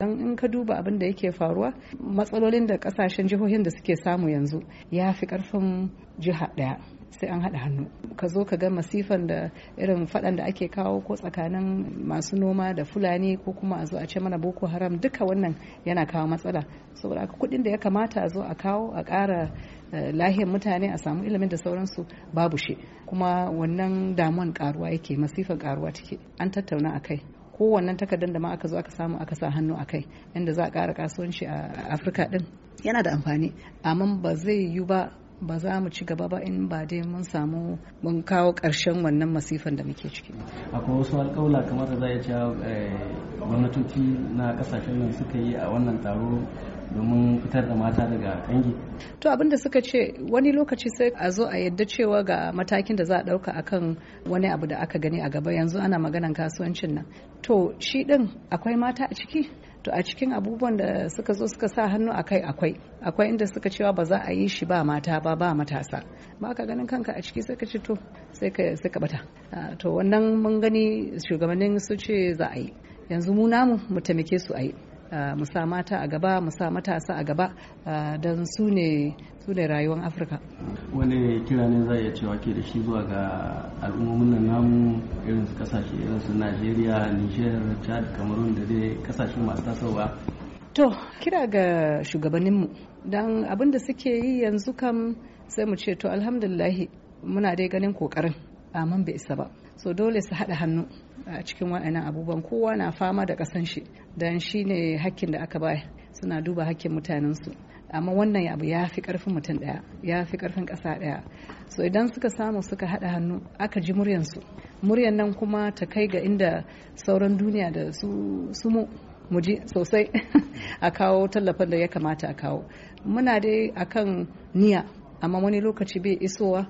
dan in ka duba abin da yake faruwa matsalolin da kasashen jihohin da suke samu yanzu ya fi karfin jiha daya sai an haɗa hannu ka zo ka ga masifan da irin faɗan da ake kawo ko tsakanin masu noma da fulani ko kuma a zo a ce mana boko haram duka wannan yana kawo matsala saboda aka kuɗin da ya kamata a zo a kawo a ƙara eh, lahiyar mutane a samu ilimin da sauransu babu shi kuma wannan damuwan karuwa yake masifan karuwa take an tattauna a kai kowanne takardar da ma aka zo aka samu aka sa hannu a kai inda za a ƙara kasuwanci a afirka din yana da amfani amma ba zai yiwu ba ba za mu ci gaba ba in ba dai mun samu mun kawo ƙarshen wannan masifan da muke ciki. Akwai wasu alƙawla kamar da za a ce eh, gwamnatoci na ƙasashen nan suka yi a wannan taro domin fitar da mata daga kangi. To abin da suka ce wani lokaci sai a zo a yadda cewa ga matakin da za a ɗauka akan wani abu da aka gani a gaba yanzu ana maganan kasuwancin nan. To shi ɗin akwai mata a ciki? To a cikin abubuwan da suka zo suka sa hannu akai akwai. akwai inda suka cewa ba za a yi shi ba mata ba ba matasa ba ka ganin kanka a ciki sai ka ce to sai ka bata to wannan mun gani shugabannin su ce za a yi yanzu mu namu mu taimake su a yi mu sa mata a gaba mu sa matasa a gaba don su ne su rayuwar afirka wani kira ne za iya cewa ke da shi zuwa ga al'ummomin nan namu irin su kasashe irin su najeriya niger chad cameroon da dai kasashe masu tasowa To, kira ga shugabanninmu don abin da suke yi yanzu kam sai mu ce to alhamdulillahi muna dai ganin kokarin mun bai isa ba. So dole su haɗa hannu a cikin waɗannan abubuwan kowa na fama da ƙasan shi don shi ne hakkin da aka ba suna duba hakkin mutanensu. amma wannan abu ya fi karfin mutum daya ya fi karfin ƙasa daya so idan suka samu suka haɗa hannu aka ji muryansu muryan nan kuma ta kai ga inda sauran duniya da su sumo. mu ji sosai a kawo tallafin da ya kamata a kawo muna dai kan niya amma wani lokaci bai isowa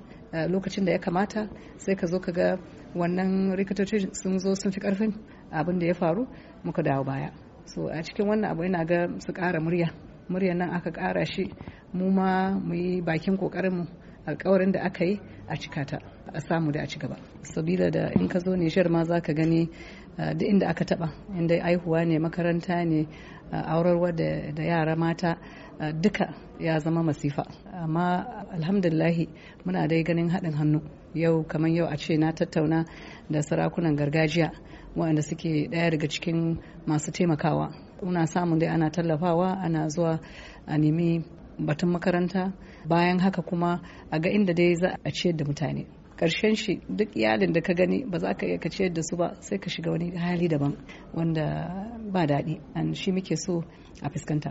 lokacin da ya kamata sai ka zo ka ga wannan rikitoci sun zo sun fi karfin abin da ya faru muka dawo baya so a cikin wannan abu yana ga su ƙara murya murya nan aka ƙara shi mu ma mu yi bakin ƙoƙarinmu alkawarin da aka yi a cika a samu da a ci gaba sabila da in ka zo nijar ma za ka gani ah, duk inda aka taba inda aihuwa ne makaranta ne ah, aurarwa da yara mata ah, duka ya zama masifa amma alhamdulahi muna dai ganin haɗin hannu yau kamar yau a ce na tattauna da sarakunan gargajiya waɗanda suke ɗaya daga cikin masu taimakawa muna samun dai ana tallafawa ana zuwa a nemi batun makaranta bayan haka kuma a ga inda dai za a ciyar da mutane karshen shi duk iyalin da ka gani ba za ka iya ka ciyar da su ba sai ka shiga wani hali daban wanda ba daɗi an shi muke so a fuskanta